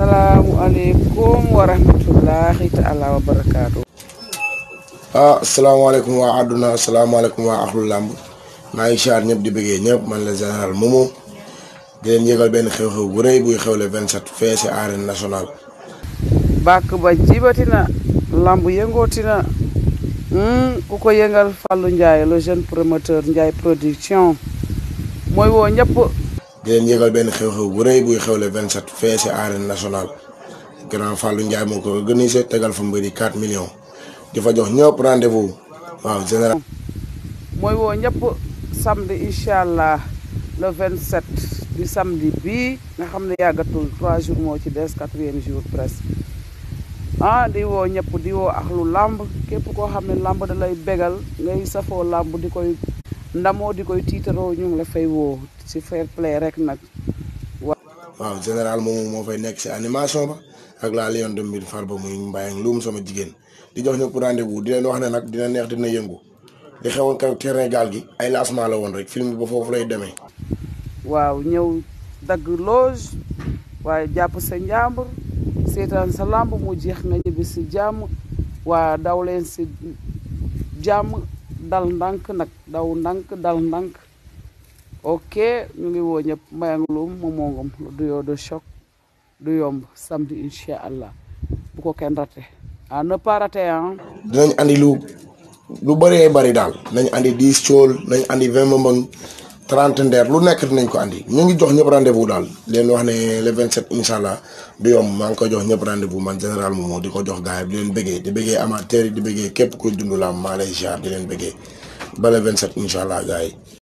salaamu aleykum wa taala wa barakaatu. ah salaamaaleykum waa àdduna salaamaaleykum waa axlu làmb maa ngi siyaar ñëpp di bëggee ñëpp man la général Momo di yëgal benn xew-xew bu rëy buy xewle 27 fee si arène nationale. bàkk ba jibati na làmb hmm, ku ko yëngal Fallou Ndiaye le jeune promoteur Ndiaye production mooy woo ñëpp. di leen benn xew-xew bu rëy buy xewle 27 fee si arène nationale grand Fallou Ndiaye moo ko organisé tegal fa mbëri 4 millions di fa jox ñëpp rendez-vous waaw mooy woo ñëpp samedi incha allah vingt 27 di samedi bi nga xam ne yàggatul trois jours moo ci des quatrième jour presque ah di woo ñëpp di woo axlu làmb képp koo xam ne làmb da lay bégal ngay safoo làmb di koy ndamoo di koy tiitaroo ñu ngi la fay woo. si fair play rek nak waaw general moom moo fay nekk si animation ba ak la lion de mbir far ba muy mbay ak sama jigéen di jox ñëpp rendez-vous di leen wax ne nag dina neex dina yëngu li xewoon kaw terrain gaal gi ay lancement la woon rek film bi ba foofu lay demee waaw ñëw dagg loge waaye jàpp sa njàmbur seetaan sa lamb mu jeex nga ñibbi si jàmm waa daw leen si jàmm dal ndànk nag daw ndànk dal ok ñu ngi woo ñëpp lu mo mo ngom du yoo do choc du yomb samedi inshallah bu ko ken raté à ne pas raté hein dañ andi lu lu bëree bari dal nañ andi 10 ciol nañ andi 20 mbang 30 ndeer lu nekk dinañ ko andi ñu ngi jox ñep rendez-vous dal leen wax né le 27 inshallah du yomb ma ngi ko jox ñep rendez-vous man général mo di ko jox gaay bi leen bëggé di bëggé amateur di bëggé képp ko dund laam maa di leen bëggé ba le 27 inshallah gaay